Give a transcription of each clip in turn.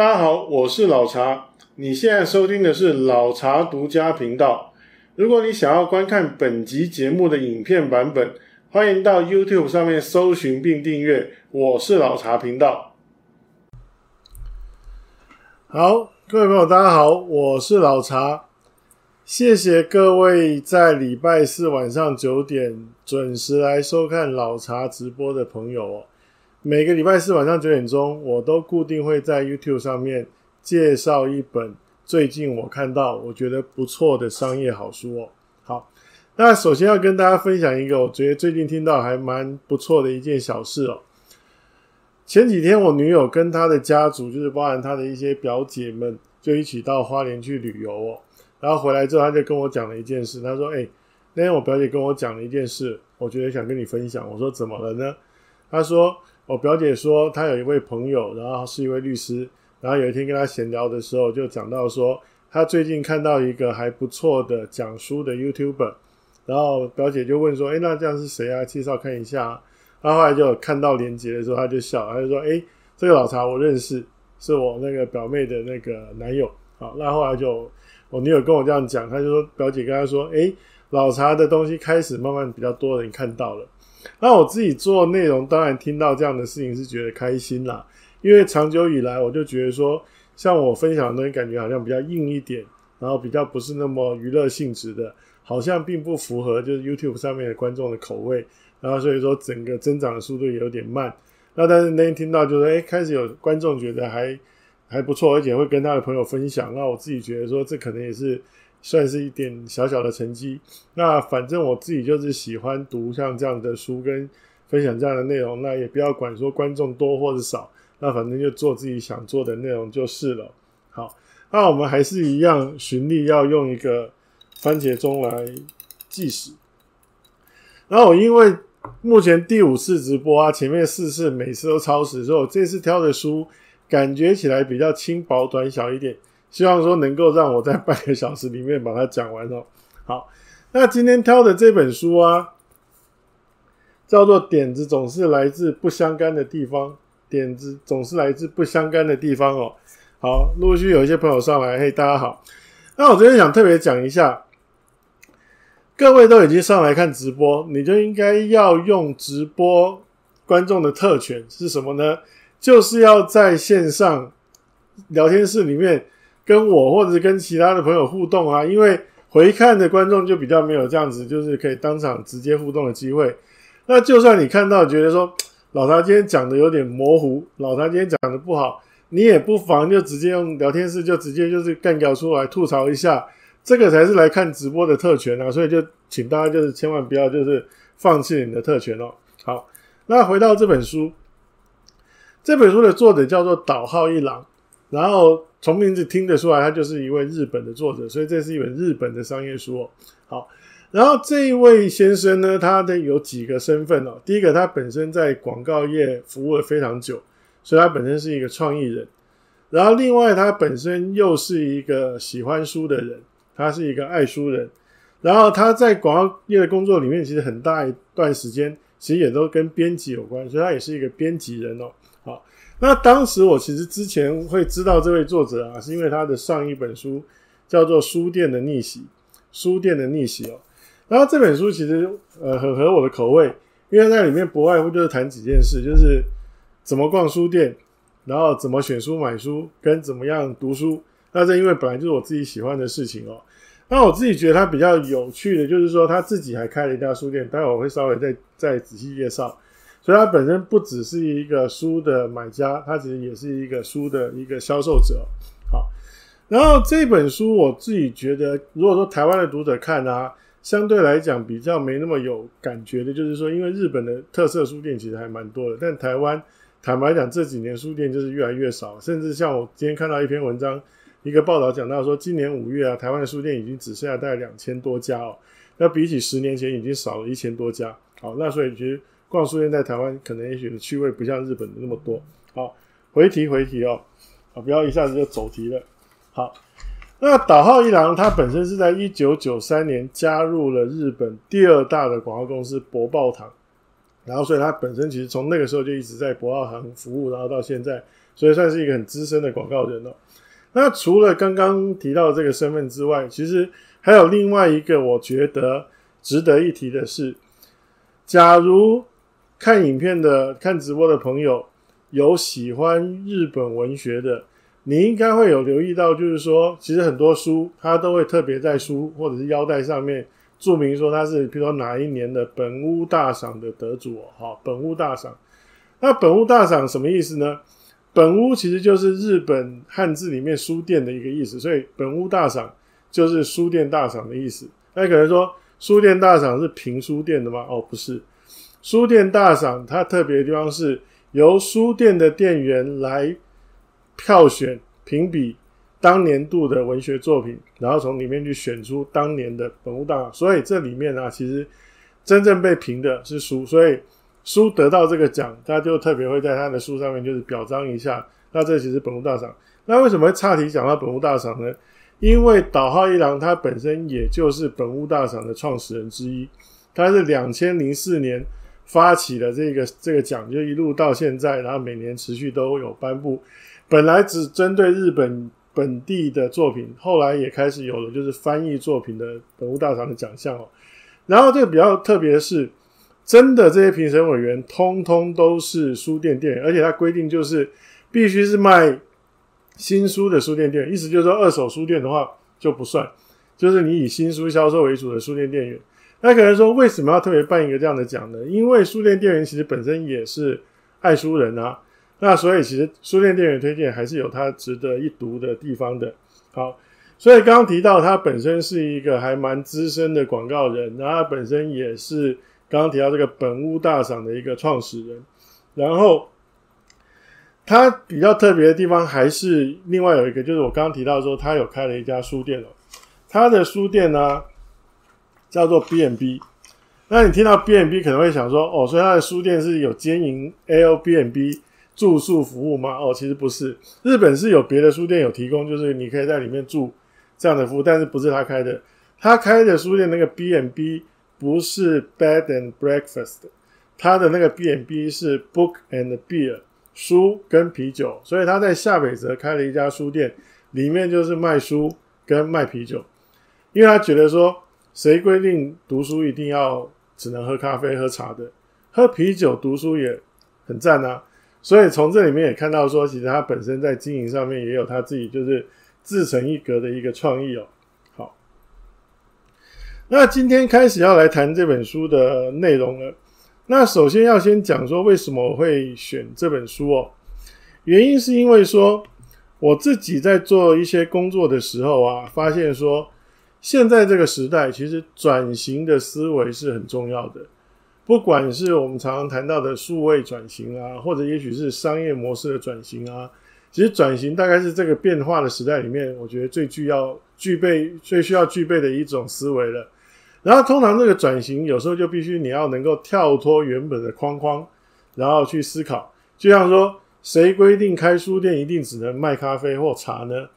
大家好，我是老查。你現在收聽的是老查獨家頻道。如果你想要觀看本集節目的影片版本，歡迎到 YouTube 上面搜尋並訂閱“我是老查頻道”。好，各位朋友，大家好，我是老查。謝謝各位在禮拜四晚上九點準時來收看老查直播的朋友哦。每個禮拜四晚上九點鐘，我都固定會在 YouTube 上面介紹一本最近我看到我覺得不錯的商業好書哦。好，那首先要跟大家分享一個我覺得最近聽到還蠻不錯的一件小事哦。前幾天我女友跟她的家族，就是包含她的一些表姐們，就一起到花蓮去旅遊哦。然後回來之後，她就跟我講了一件事。她說：“哎、欸，那天我表姐跟我講了一件事，我覺得想跟你分享。”我說：“怎麼了呢？”她說：我、哦、表姐說，她有一位朋友，然後是一位律師，然後有一天跟她閒聊的時候，就講到說，她最近看到一個還不錯的講書的 YouTuber，然後表姐就問說，哎，那這樣是誰啊？介紹看一下、啊。她後，後來就看到鏈接的時候，她就笑，她就說，哎，這個老查我認識，是我那個表妹的那個男友。好，那後來就我女友跟我這樣講，她就說表姐跟她說，哎，老查的東西開始慢慢比較多人看到了。那我自己做內容，當然聽到這樣的事情是覺得開心啦。因為長久以來，我就覺得說，像我分享的東西，感覺好像比較硬一點，然後比較不是那麼娛樂性質的，好像並不符合就是 YouTube 上面的觀眾的口味。然後所以說，整個增長的速度也有點慢。那但是那天聽到就是，誒，開始有觀眾覺得還還不錯，而且會跟他的朋友分享。那我自己覺得說，這可能也是。算是一點小小的成績。那反正我自己就是喜歡讀像這樣的書，跟分享這樣的內容。那也不要管說觀眾多或者少，那反正就做自己想做的內容就是了。好，那我們還是一樣循例要用一個番茄鐘來計時。然後我因為目前第五次直播啊，前面四次每次都超時，所以我這次挑的書感覺起來比較輕薄短小一點。希望說能夠讓我在半個小時裡面把它講完哦。好，那今天挑的這本書啊，叫做《點子總是來自不相干的地方》，點子總是來自不相干的地方哦。好，陸續有一些朋友上來，嘿，大家好。那我今天想特別講一下，各位都已經上來看直播，你就應該要用直播觀眾的特權，是什麼呢？就是要在線上聊天室裡面。跟我或者是跟其他的朋友互動啊，因為回看的觀眾就比較沒有這樣子，就是可以當場直接互動的機會。那就算你看到覺得說老查今天講的有點模糊，老查今天講的不好，你也不妨就直接用聊天室，就直接就是幹掉出來吐槽一下。這個才是來看直播的特權啊，所以就請大家就是千萬不要就是放棄你的特權哦。好，那回到這本書，這本書的作者叫做嶋浩一郎。然後從名字聽得出來，他就是一位日本的作者，所以這是一本日本的商業書哦。好，然後這一位先生呢，他的有幾個身份哦。第一個，他本身在廣告業服務了非常久，所以他本身是一個創意人。然後另外，他本身又是一個喜歡書的人，他是一個愛書人。然後他在廣告業的工作裡面，其實很大一段時間，其實也都跟編輯有關，所以他也是一個編輯人哦。那當時我其實之前會知道這位作者啊，是因為他的上一本書叫做《書店的逆襲》，《書店的逆襲》哦。然後這本書其實呃很合我的口味，因為在裡面不外乎就是談幾件事，就是怎麼逛書店，然後怎麼選書買書，跟怎麼樣讀書。那這因為本來就是我自己喜歡的事情哦。那我自己覺得他比較有趣的，就是說他自己還開了一家書店，待會我會稍微再再仔細介紹。所以他本身不只是一個書的買家，他其實也是一個書的一個銷售者。好，然後這本書我自己覺得，如果說台灣的讀者看啊，相對來講比較沒那麼有感覺的，就是說，因為日本的特色書店其實還蠻多的，但台灣坦白講，這幾年書店就是越來越少，甚至像我今天看到一篇文章，一個報道講到說，今年五月啊，台灣的書店已經只剩下大概兩千多家哦，那比起十年前已經少了一千多家。好，那所以其實。逛書店在台灣可能也許的趣味不像日本的那麼多。好、哦，回題回題哦，哦，不要一下子就走題了。好，那島浩一郎他本身是在一九九三年加入了日本第二大的廣告公司博報堂，然後所以他本身其實從那個時候就一直在博報堂服務，然後到現在，所以算是一個很資深的廣告人哦。那除了剛剛提到的這個身份之外，其實還有另外一個我覺得值得一提的是，假如。看影片的、看直播的朋友，有喜歡日本文學的，你應該會有留意到，就是說，其實很多書它都會特別在書或者是腰帶上面注明說它是，比如說哪一年的本屋大賞的得主。好、哦，本屋大賞，那本屋大賞什麼意思呢？本屋其實就是日本漢字裡面書店的一個意思，所以本屋大賞就是書店大賞的意思。那可能說書店大賞是評書店的嗎？哦，不是。書店大賞它特別的地方是由書店的店員來票選評比當年度的文學作品，然後從裡面去選出當年的本屋大賞。所以這裡面呢、啊，其實真正被評的是書，所以書得到這個獎，他就特別會在他的書上面就是表彰一下。那這其實是本屋大賞。那為什麼會岔題講到本屋大賞呢？因為嶋浩一郎他本身也就是本屋大賞的創始人之一，他是兩千零四年，發起了這個這個獎，就一路到現在，然後每年持續都有頒布。本來只針對日本本地的作品，後來也開始有了就是翻譯作品的本屋大賞的獎項哦。然後這個比較特別的是，真的這些評審委員通通都是書店店員，而且他規定就是必須是賣新書的書店店員，意思就是說二手書店的話就不算，就是你以新書銷售為主的書店店員。那可能說，為什麼要特別辦一個這樣的獎呢？因為書店店員其實本身也是愛書人啊，那所以其實書店店員推薦還是有他值得一讀的地方的。好，所以剛剛提到他本身是一個還蠻資深的廣告人，然後他本身也是剛剛提到這個本屋大賞的一個創始人，然後他比較特別的地方還是另外有一個，就是我剛剛提到說他有開了一家書店哦，他的書店呢、啊。叫做 B&B，那你聽到 B&B 可能會想說，哦，所以他的書店是有兼營 Airbnb 住宿服務嗎？哦，其實不是，日本是有別的書店有提供，就是你可以在裡面住這樣的服務，但是不是他開的，他開的書店那個 B&B 不是 Bed and Breakfast，他的那個 B&B 是 Book and Beer，書跟啤酒，所以他在下北澤開了一家書店，裡面就是賣書跟賣啤酒，因為他覺得說。誰規定讀書一定要只能喝咖啡、喝茶的？喝啤酒讀書也很讚啊！所以從這裡面也看到說，其實他本身在經營上面也有他自己就是自成一格的一個創意哦。好，那今天開始要來談這本書的內容了。那首先要先講說為什麼我會選這本書哦？原因是因為說我自己在做一些工作的時候啊，發現說。現在這個時代，其實轉型的思維是很重要的。不管是我們常常談到的數位轉型啊，或者也許是商業模式的轉型啊，其實轉型大概是這個變化的時代裡面，我覺得最需要具備、最需要具備的一種思維了。然後，通常這個轉型有時候就必須你要能夠跳脫原本的框框，然後去思考。就像說，誰規定開書店一定只能賣咖啡或茶呢？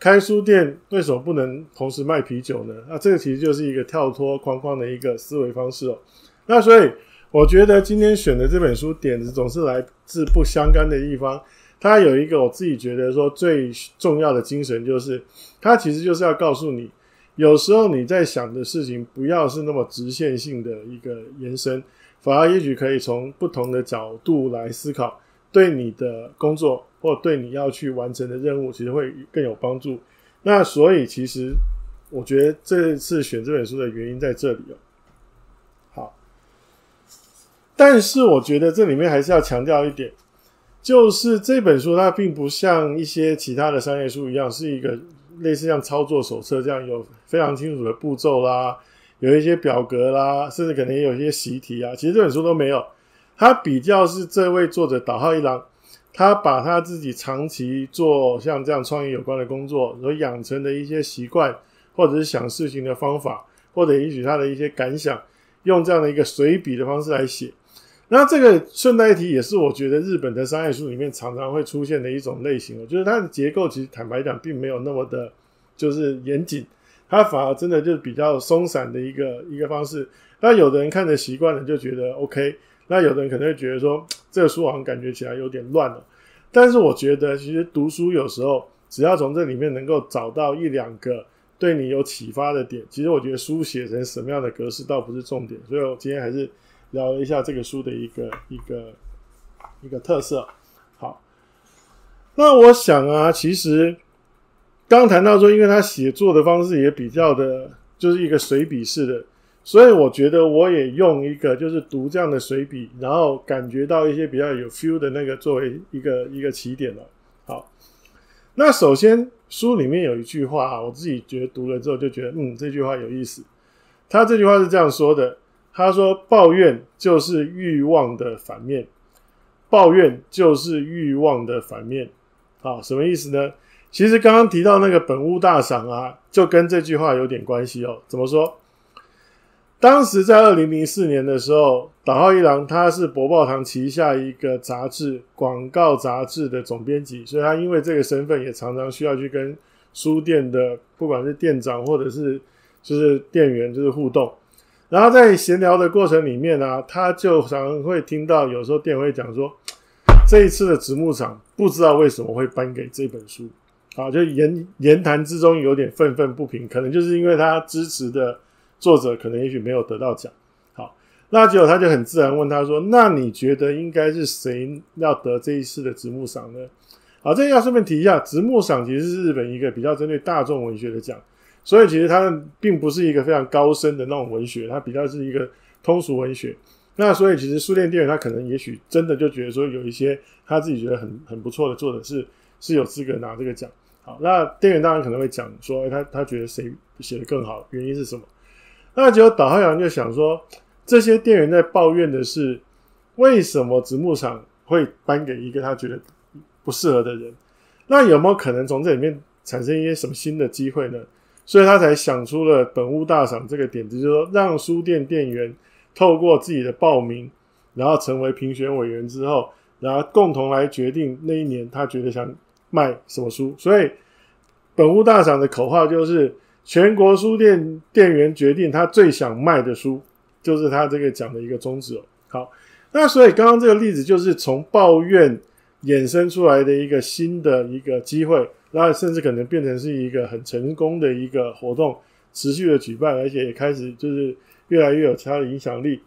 開書店為什麼不能同時賣啤酒呢？那、啊、這個其實就是一個跳脫框框的一個思維方式哦。那所以我覺得今天選的這本書點子總是來自不相干的地方。它有一個我自己覺得說最重要的精神，就是它其實就是要告訴你，有時候你在想的事情不要是那麼直線性的一個延伸，反而也許可以從不同的角度來思考。對你的工作，或對你要去完成的任務，其實會更有幫助。那所以，其實我覺得這次選這本書的原因在這裡哦。好，但是我覺得這裡面還是要強調一點，就是這本書它並不像一些其他的商業書一樣，是一個類似像操作手冊這樣有非常清楚的步驟啦，有一些表格啦，甚至可能也有一些習題啊，其實這本書都沒有。他比較是這位作者嶋浩一郎，他把他自己長期做像這樣創意有關的工作，所養成的一些習慣，或者是想事情的方法，或者也許他的一些感想，用這樣的一個隨筆的方式來寫。那這個順帶一提，也是我覺得日本的商業書裡面常常會出現的一種類型，就是它的結構其實坦白講並沒有那麼的，就是嚴謹，它反而真的就是比較鬆散的一個一個方式。那有的人看的習慣了，就覺得 OK。那有的人可能會覺得說，這個書好像感覺起來有點亂了，但是我覺得其實讀書有時候，只要從這裡面能夠找到一兩個對你有啟發的點，其實我覺得書寫成什麼樣的格式倒不是重點。所以我今天還是聊了一下這個書的一個一個一個特色。好，那我想啊，其實剛剛談到說，因為他寫作的方式也比較的，就是一個隨筆式的。所以我覺得我也用一個，就是讀這樣的隨筆，然後感覺到一些比較有 feel 的那個，作為一個一個起點了。好，那首先書裡面有一句話啊，我自己覺得讀了之後就覺得，嗯，這句話有意思。他這句話是這樣說的：他說，抱怨就是慾望的反面，抱怨就是慾望的反面。好，什麼意思呢？其實剛剛提到那個本屋大賞啊，就跟這句話有點關係哦。怎麼說？當時在二零零四年的時候，嶋浩一郎他是博報堂旗下一個雜誌廣告雜誌的總編輯，所以他因為這個身份也常常需要去跟書店的不管是店長或者是就是店員就是互動。然後在閒聊的過程裡面呢、啊，他就常會聽到有時候店員會講說，這一次的直木賞不知道為什麼會頒給這本書啊，就言言談之中有點憤憤不平，可能就是因為他支持的。作者可能也許沒有得到獎，好，那結果他就很自然問他說：“那你覺得應該是誰要得這一次的直木賞呢？”好，這要順便提一下，直木賞其實是日本一個比較針對大眾文學的獎，所以其實它並不是一個非常高深的那種文學，它比較是一個通俗文學。那所以其實書店店員他可能也許真的就覺得說有一些他自己覺得很很不錯的作者是是有資格拿這個獎。好，那店員當然可能會講說：“欸、他他覺得誰寫得更好，原因是什麼？”那結果嶋浩一郎就想說，這些店員在抱怨的是，為什麼直木賞會頒給一個他覺得不適合的人？那有沒有可能從這裡面產生一些什麼新的機會呢？所以他才想出了本屋大賞這個點子，就是說讓書店店員透過自己的報名，然後成為評選委員之後，然後共同來決定那一年他覺得想賣什麼書。所以本屋大賞的口號就是，全國書店店員決定，他最想賣的書，就是他這個獎的一個宗旨哦。好，那所以剛剛這個例子就是從抱怨衍生出來的一個新的一個機會，那甚至可能變成是一個很成功的一個活動，持續的舉辦，而且也開始就是越來越有其他的影響力。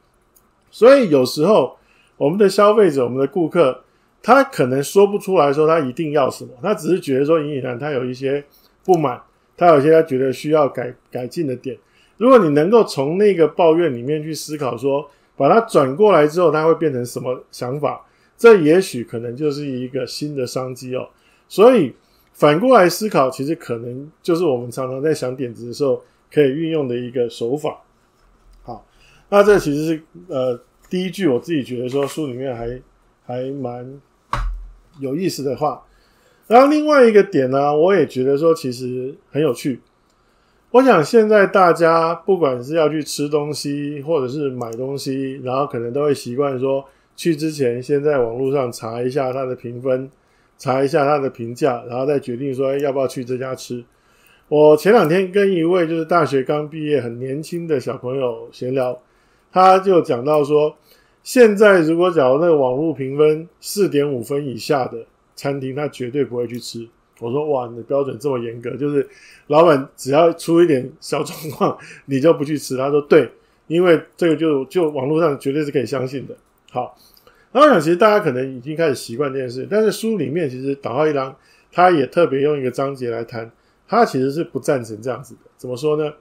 所以有時候我們的消費者、我們的顧客，他可能說不出來說他一定要什麼，他只是覺得說隱隱然他有一些不滿。他有些他覺得需要改改進的點，如果你能夠從那個抱怨裡面去思考，說把它轉過來之後，它會變成什麼想法？這也許可能就是一個新的商機哦。所以反過來思考，其實可能就是我們常常在想點子的時候可以運用的一個手法。好，那這其實是呃第一句，我自己覺得說書裡面還還蠻有意思的話。然後另外一個點呢、啊，我也覺得說其實很有趣。我想現在大家不管是要去吃東西或者是買東西，然後可能都會習慣說去之前先在網絡上查一下它的評分，查一下它的評價，然後再決定說要不要去這家吃。我前兩天跟一位就是大學剛畢業很年輕的小朋友閒聊，他就講到說，現在如果假如那個網絡評分四點五分以下的。餐廳他絕對不會去吃。我說：“哇，你的標準這麼嚴格，就是老板只要出一點小狀況，你就不去吃。”他說：“對，因為這個就就網絡上絕對是可以相信的。”好，那我想其實大家可能已經開始習慣這件事，但是書裡面其實嶋浩一郎他也特別用一個章節來談，他其實是不贊成這樣子的。怎麼說呢？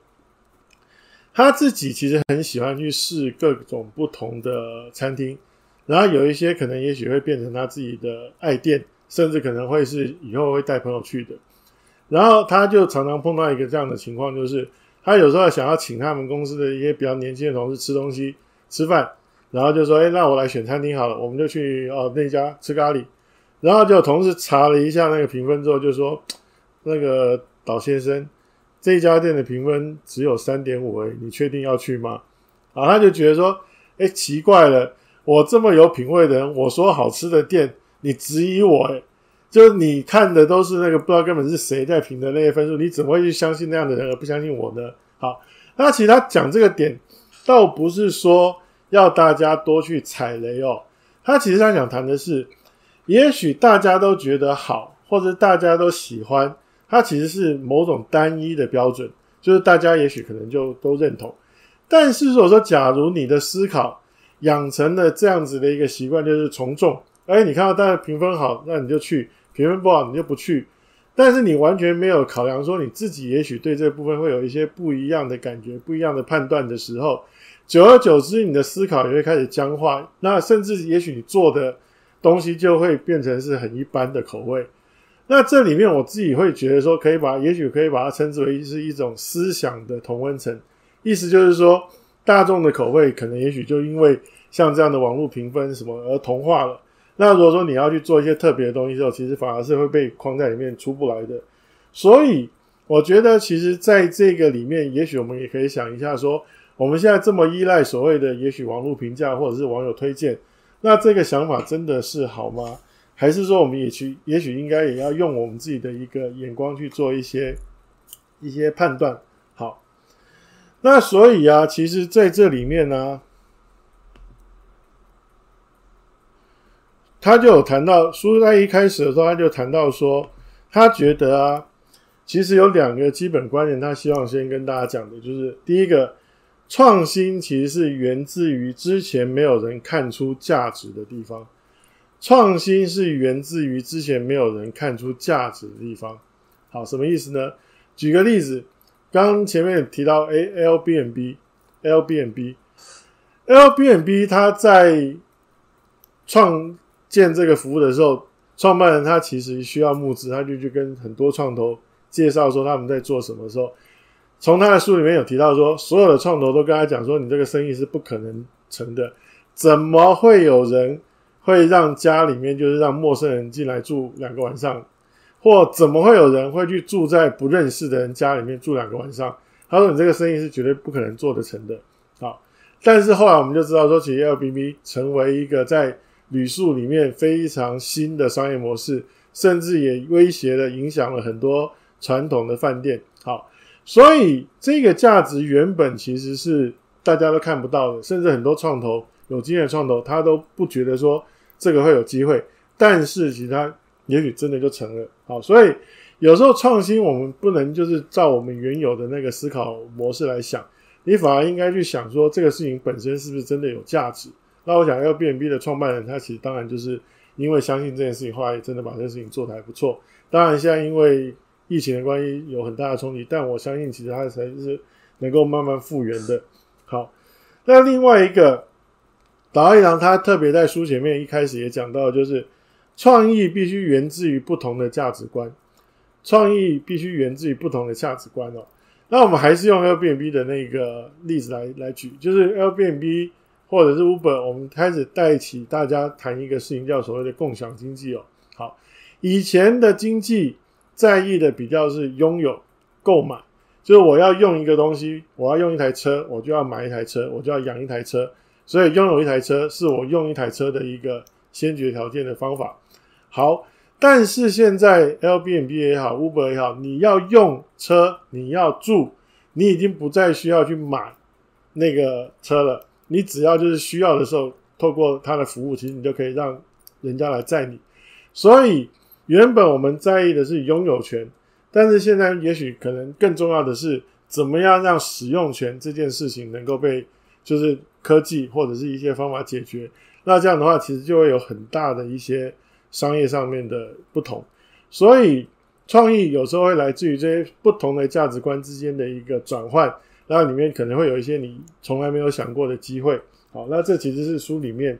他自己其實很喜歡去試各種不同的餐廳，然後有一些可能也許會變成他自己的愛店。甚至可能會是以後會帶朋友去的。然後他就常常碰到一個這樣的情況，就是他有時候想要請他們公司的一些比較年輕的同事吃東西、吃飯，然後就說：“哎，那我來選餐廳好了，我們就去哦那家吃咖喱。”然後就同事查了一下那個評分之後，就說：“那個嶋先生，這家店的評分只有三點五耶，你確定要去嗎？”啊，他就覺得說：“哎，奇怪了，我這麼有品味的人，我說好吃的店。”你質疑我誒，就你看的都是那個不知道根本是誰在評的那些分數，你怎麼會去相信那樣的人而不相信我呢？好，那其實他講這個點，倒不是說要大家多去踩雷哦、喔，他其實他想談的是，也許大家都覺得好，或者大家都喜歡，它其實是某種單一的標準，就是大家也許可能就都認同。但是如果說，假如你的思考養成了這樣子的一個習慣，就是從眾。哎，你看到，大家評分好，那你就去；評分不好，你就不去。但是你完全沒有考量說，你自己也許對這部分會有一些不一樣的感覺、不一樣的判斷的時候，久而久之，你的思考也會開始僵化。那甚至也許你做的東西就會變成是很一般的口味。那這裡面我自己會覺得說，可以把也許可以把它稱之為是一種思想的同溫層，意思就是說，大眾的口味可能也許就因為像這樣的網絡評分什麼而同化了。那如果說你要去做一些特別的東西之後，其實反而是會被框在裡面出不來的。所以我覺得，其實在這個裡面，也許我們也可以想一下說，說我們現在這麼依賴所謂的也許網絡評價或者是網友推薦，那這個想法真的是好嗎？還是說我們也去，也許應該也要用我們自己的一個眼光去做一些一些判斷？好，那所以啊，其實在這裡面呢、啊。他就有談到，書在一開始的時候，他就談到說，他覺得啊，其實有兩個基本觀念，他希望先跟大家講的，就是第一個，創新其實是源自於之前沒有人看出價值的地方，創新是源自於之前沒有人看出價值的地方。好，什麼意思呢？舉個例子，剛前面提到 A L, L B n B L B n B L B n B，它在創。建這個服務的時候，創辦人他其實需要募資，他就去跟很多創投介紹說他們在做什麼的時候，從他的書裡面有提到說，所有的創投都跟他講說，你這個生意是不可能成的，怎麼會有人會讓家裡面就是讓陌生人進來住兩個晚上，或怎麼會有人會去住在不認識的人家裡面住兩個晚上？他說，你這個生意是絕對不可能做得成的。好，但是後來我們就知道說，其實 LBB 成為一個在旅宿裡面非常新的商業模式，甚至也威脅了、影響了很多傳統的飯店。好，所以這個價值原本其實是大家都看不到的，甚至很多創投，有經驗的創投，他都不覺得說這個會有機會。但是其實他也許真的就成了。好，所以有時候創新，我們不能就是照我們原有的那個思考模式來想，你反而應該去想說這個事情本身是不是真的有價值。那我想 Airbnb 的創辦人他其實當然就是因為相信這件事情，後來真的把這件事情做得還不錯。當然，現在因為疫情的關係有很大的衝擊，但我相信其實他才是能夠慢慢復原的。好，那另外一個，嶋浩一郎他特別在書前面一開始也講到，就是創意必須源自於不同的價值觀，創意必須源自於不同的價值觀哦。那我們還是用 Airbnb 的那個例子來來舉，就是 Airbnb 或者是 Uber，我們開始帶起大家談一個事情，叫所謂的共享經濟哦。好，以前的經濟在意的比較是擁有、購買，就是我要用一個東西，我要用一台車，我就要買一台車，我就要養一台車，所以擁有一台車是我用一台車的一個先決條件的方法。好，但是現在 Airbnb 也好，Uber 也好，你要用車，你要住，你已經不再需要去買那個車了。你只要就是需要的時候，透過他的服務，其實你就可以讓人家來載你。所以原本我們在意的是擁有權，但是現在也許可能更重要的是，怎麼樣讓使用權這件事情能夠被就是科技或者是一些方法解決。那這樣的話，其實就會有很大的一些商業上面的不同。所以創意有時候會來自於這些不同的價值觀之間的一個轉換。那裡面可能會有一些你從來沒有想過的機會，好，那這其實是書裡面，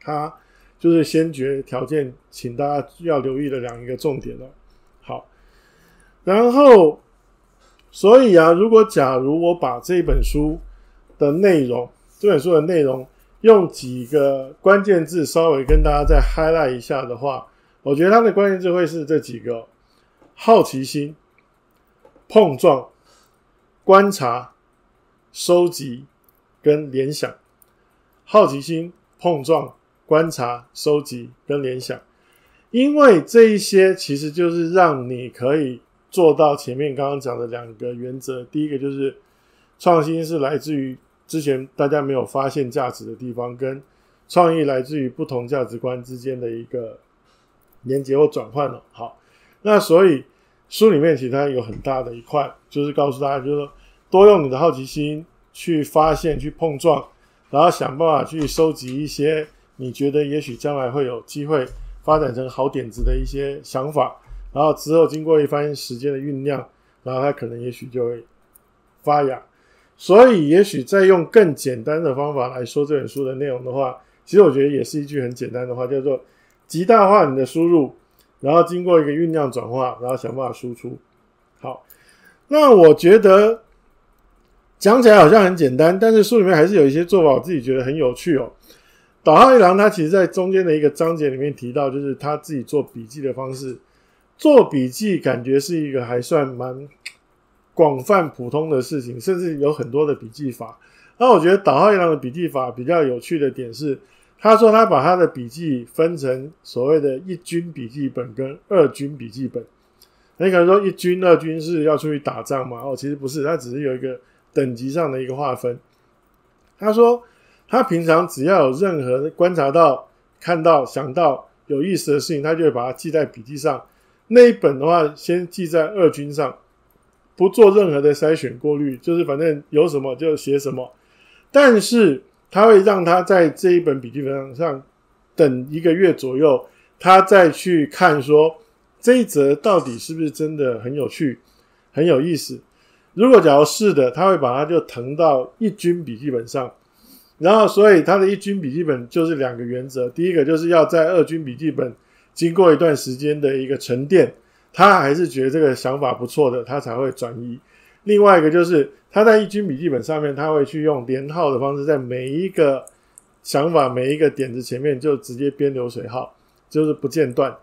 它就是先決條件，請大家要留意的兩個重點了。好，然後，所以啊，如果假如我把這本書的內容，這本書的內容用幾個關鍵字稍微跟大家再 highlight 一下的話，我覺得它的關鍵字會是這幾個：好奇心、碰撞。觀察、收集跟聯想，好奇心碰撞，觀察、收集跟聯想，因為這一些其實就是讓你可以做到前面剛剛講的兩個原則。第一個就是創新是來自於之前大家沒有發現價值的地方，跟創意來自於不同價值觀之間的一個連接或轉換了。好，那所以書裡面其實它有很大的一塊，就是告訴大家，就是說。多用你的好奇心去發現、去碰撞，然後想辦法去收集一些你覺得也許將來會有機會發展成好點子的一些想法，然後之後經過一番時間的醞釀，然後它可能也許就會發芽。所以，也許再用更簡單的方法來說這本書的內容的話，其實我覺得也是一句很簡單的話，叫做“極大化你的輸入，然後經過一個醞釀轉化，然後想辦法輸出”。好，那我覺得。講起來好像很簡單，但是書裡面還是有一些做法，我自己覺得很有趣哦。嶋浩一郎他其實，在中間的一個章節裡面提到，就是他自己做筆記的方式。做筆記感覺是一個還算蠻廣泛普通的事情，甚至有很多的筆記法。那我覺得嶋浩一郎的筆記法比較有趣的點是，他說他把他的筆記分成所謂的“一軍”筆記本跟“二軍”筆記本。那你可能說“一軍”“二軍”是要出去打仗嘛？哦，其實不是，他只是有一個。等級上的一個劃分。他說，他平常只要有任何觀察到、看到、想到有意思的事情，他就會把它記在筆記上。那一本的話，先記在二軍上，不做任何的篩選過濾，就是反正有什麼就寫什麼。但是他會讓他在這一本筆記本上等一個月左右，他再去看說，這一則到底是不是真的很有趣、很有意思。如果假如是的，他會把它就騰到一軍筆記本上，然後所以他的一軍筆記本就是兩個原則，第一個就是要在二軍筆記本經過一段時間的一個沉澱，他還是覺得這個想法不錯的，他才會轉移。另外一個就是他在一軍筆記本上面，他會去用連號的方式，在每一個想法、每一個點子前面就直接編流水號，就是不間斷。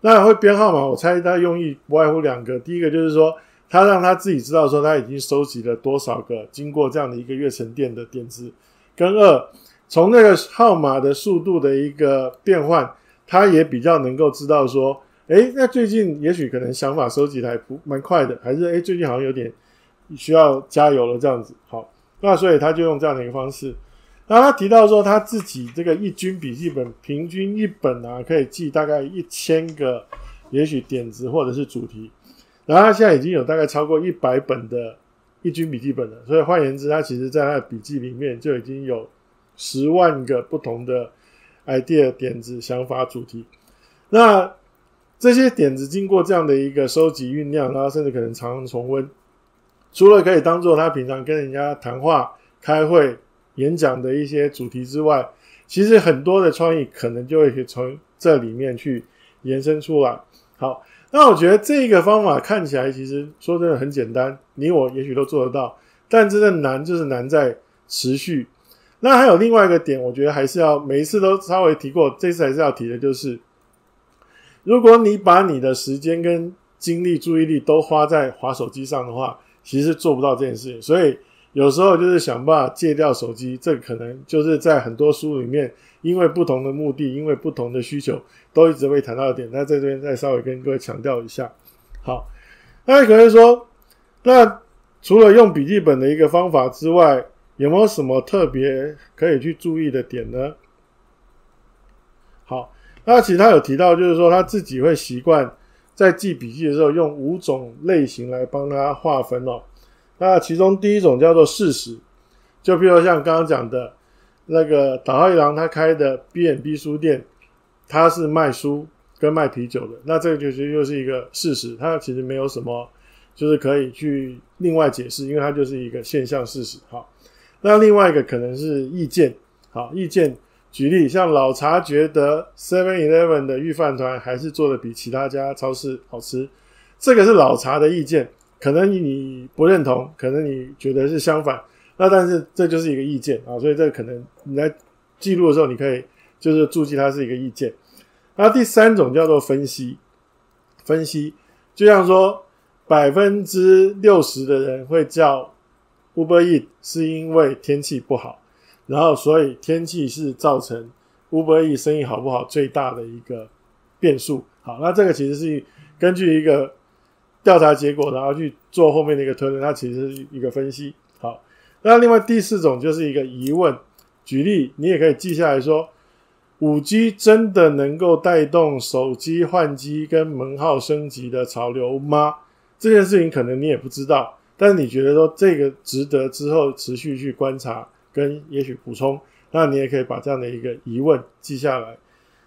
那會編號碼，我猜他用意不外乎兩個，第一個就是說。他讓他自己知道說他已經收集了多少個經過這樣的一個月沉澱的點子，跟二，從那個號碼的速度的一個變換，他也比較能夠知道說，哎，那最近也許可能想法收集的還不蠻快的，還是哎，最近好像有點需要加油了這樣子。好，那所以他就用這樣的一個方式。那他提到說他自己這個一軍筆記本平均一本啊可以記大概一千個，也許點子或者是主題。然後他現在已經有大概超過一百本的易軍筆記本了，所以換言之，他其實在他的筆記裡面就已經有十萬個不同的 idea、點子、想法、主題。那這些點子經過這樣的一個收集醞釀，然後甚至可能常常重溫，除了可以當做他平常跟人家談話、開會、演講的一些主題之外，其實很多的創意可能就會從這裡面去延伸出來。好。那我覺得這個方法看起來其實說真的很簡單，你我也許都做得到，但真的難就是難在持續。那還有另外一個點，我覺得還是要每一次都稍微提過，這次還是要提的就是，如果你把你的時間跟精力、注意力都花在滑手機上的話，其實做不到這件事情。所以。有時候就是想辦法戒掉手機，這個、可能就是在很多書裡面，因為不同的目的，因為不同的需求，都一直會談到的點。那在這邊再稍微跟各位強調一下。好，那可能說，那除了用筆記本的一個方法之外，有沒有什麼特別可以去注意的點呢？好，那其實他有提到，就是說他自己會習慣在記筆記的時候，用五種類型來幫他劃分哦。那其中第一種叫做事實，就比如像剛剛講的那個嶋浩一郎他開的 B&B 書店，他是賣書跟賣啤酒的，那這個就是又是一個事實，他其實沒有什麼就是可以去另外解釋，因為它就是一個現象事實。好，那另外一個可能是意見，好，意見舉例，像老茶覺得 Seven Eleven 的御飯糰還是做得比其他家超市好吃，這個是老茶的意見。可能你不認同，可能你覺得是相反，那但是這就是一個意見啊，所以這可能你在記錄的時候，你可以就是注記它是一個意見。那第三種叫做分析，分析就像說百分之六十的人會叫 Uber Eats 是因為天氣不好，然後所以天氣是造成 Uber Eats 生意好不好最大的一個變數。好，那這個其實是根據一個。調查結果，然後去做後面的一個推論，它其實是一個分析。好，那另外第四種就是一個疑問，舉例，你也可以記下來說，說 5G 真的能夠帶動手機換機跟門號升級的潮流嗎？這件事情可能你也不知道，但是你覺得說這個值得之後持續去觀察跟也許補充，那你也可以把這樣的一個疑問記下來。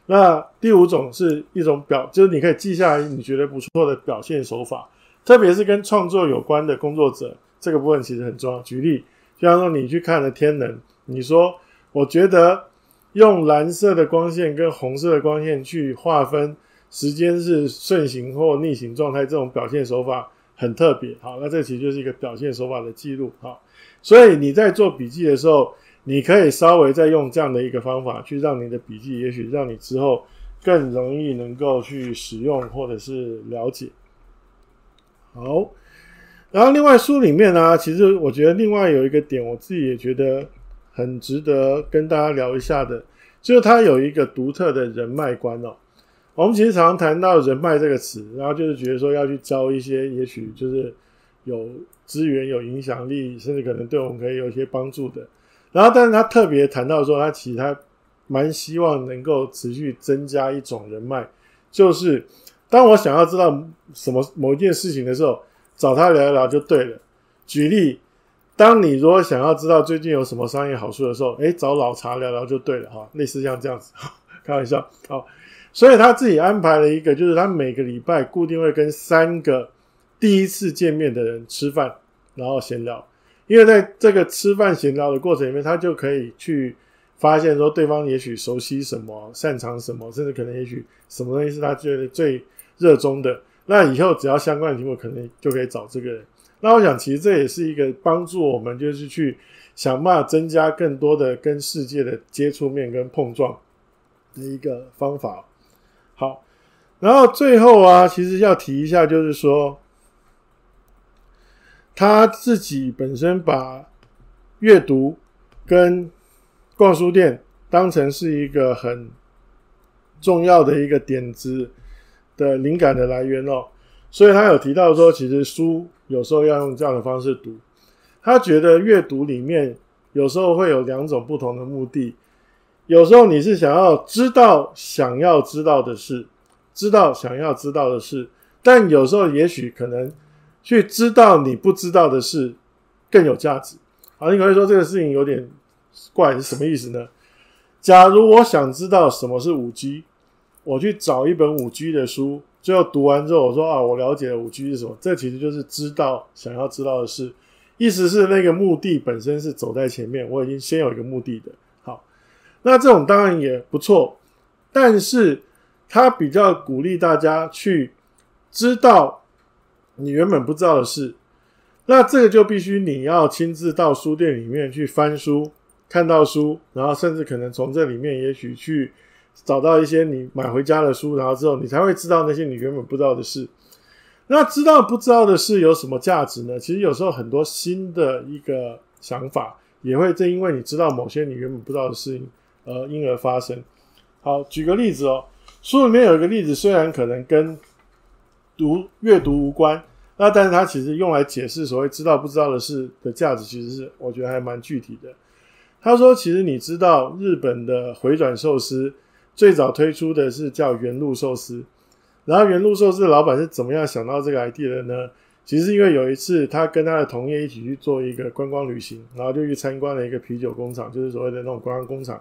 那第五種是一種表，就是你可以記下來你覺得不錯的表現手法，特別是跟創作有關的工作者，這個部分其實很重要。舉例，就像說你去看了《天能》，你說我覺得用藍色的光線跟紅色的光線去劃分時間是順行或逆行狀態，這種表現手法很特別。好，那這其實就是一個表現手法的記錄。好，所以你在做筆記的時候。你可以稍微再用這樣的一個方法去讓你的筆記，也許讓你之後更容易能夠去使用或者是了解。好，然後另外書裡面呢、啊，其實我覺得另外有一個點，我自己也覺得很值得跟大家聊一下的，就是它有一個獨特的人脈觀哦。我們其實常常談到人脈這個詞，然後就是覺得說要去招一些，也許就是有資源、有影響力，甚至可能對我們可以有一些幫助的。然後，但是他特別談到說，他其實他蠻希望能夠持續增加一種人脈，就是當我想要知道什麼某一件事情的時候，找他聊一聊就對了。舉例，當你如果想要知道最近有什麼商業好處的時候，誒，找老查聊聊就對了，哈、哦，類似像這樣子，開玩笑，好、哦。所以他自己安排了一個，就是他每個禮拜固定會跟三個第一次見面的人吃飯，然後閒聊。因為在這個吃飯閒聊的過程裡面，他就可以去發現說對方也許熟悉什麼、擅長什麼，甚至可能也許什麼東西是他最最熱衷的。那以後只要相關的題目，可能就可以找這個人。那我想，其實這也是一個幫助我們就是去想辦法增加更多的跟世界的接觸面跟碰撞的一個方法。好，然後最後啊，其實要提一下就是說。他自己本身把閱讀跟逛書店當成是一個很重要的一個點子的靈感的來源哦，所以他有提到說，其實書有時候要用這樣的方式讀。他覺得閱讀裡面有時候會有兩種不同的目的，有時候你是想要知道想要知道的事，知道想要知道的事，但有時候也許可能。去知道你不知道的事更有價值。好，你可能說這個事情有點怪，是什麼意思呢？假如我想知道什麼是 5G，我去找一本 5G 的書，最後讀完之後，我說啊，我了解 5G 是什麼。這其實就是知道想要知道的事，意思是那個目的本身是走在前面，我已經先有一個目的的。好，那這種當然也不錯，但是他比較鼓勵大家去知道。你原本不知道的事，那這個就必須你要親自到書店裡面去翻書，看到書，然後甚至可能從這裡面也許去找到一些你買回家的書，然後之後你才會知道那些你原本不知道的事。那知道不知道的事有什麼價值呢？其實有時候很多新的一個想法也會正因為你知道某些你原本不知道的事情而因而發生。好，舉個例子哦，書裡面有一個例子，雖然可能跟讀閱讀無關，那但是他其實用來解釋所謂知道不知道的事的價值，其實是我覺得還蠻具體的。他說，其實你知道日本的迴轉壽司最早推出的是叫原路壽司，然後原路壽司的老闆是怎麼樣想到這個 idea 的呢？其實因為有一次他跟他的同業一起去做一個觀光旅行，然後就去參觀了一個啤酒工廠，就是所謂的那種觀光工廠，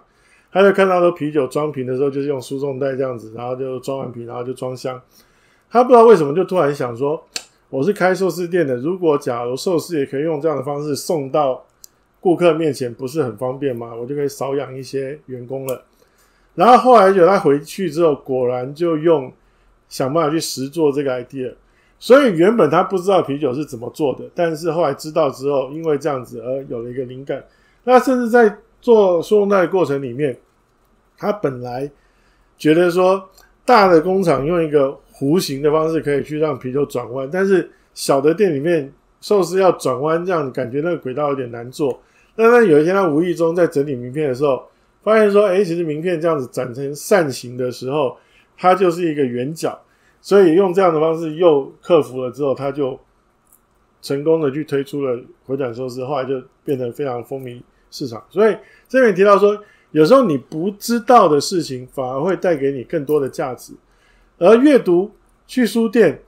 他就看到說啤酒裝瓶的時候就是用輸送帶這樣子，然後就裝完瓶，然後就裝箱。他不知道為什麼就突然想說：“我是開壽司店的，如果假如壽司也可以用這樣的方式送到顧客面前，不是很方便嗎？我就可以少養一些員工了。”然後後來就他回去之後，果然就用想辦法去實做這個 idea。所以原本他不知道啤酒是怎麼做的，但是後來知道之後，因為這樣子而有了一個靈感。那甚至在做輸送帶的過程裡面，他本來覺得說大的工廠用一個。弧形的方式可以去讓啤酒轉彎，但是小的店裡面壽司要轉彎，這樣感覺那個軌道有點難做。那他有一天他無意中在整理名片的時候，發現說：“誒，其實名片這樣子展成扇形的時候，它就是一個圓角，所以用這樣的方式又克服了之後，他就成功的去推出了回轉壽司，後來就變得非常風靡市場。所以這邊提到說，有時候你不知道的事情，反而會帶給你更多的價值。”而閱讀，去書店，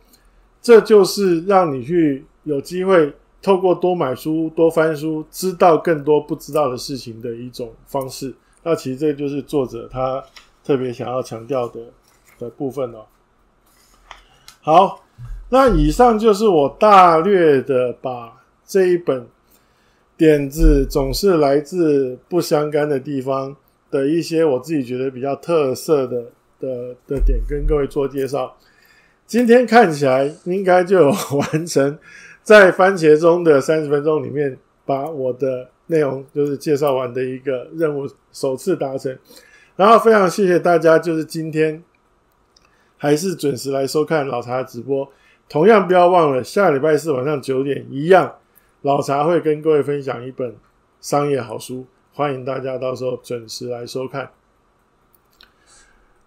這就是讓你去有機會透過多買書、多翻書，知道更多不知道的事情的一種方式。那其實這就是作者他特別想要強調的的部分哦。好，那以上就是我大略的把這一本《點子總是來自不相干的地方》的一些我自己覺得比較特色的。的的點跟各位做介紹，今天看起來應該就有完成，在番茄中的三十分鐘裡面，把我的內容就是介紹完的一個任務首次達成。然後非常謝謝大家，就是今天還是準時來收看老查直播。同樣不要忘了，下禮拜四晚上九點一樣，老查會跟各位分享一本商業好書，歡迎大家到時候準時來收看。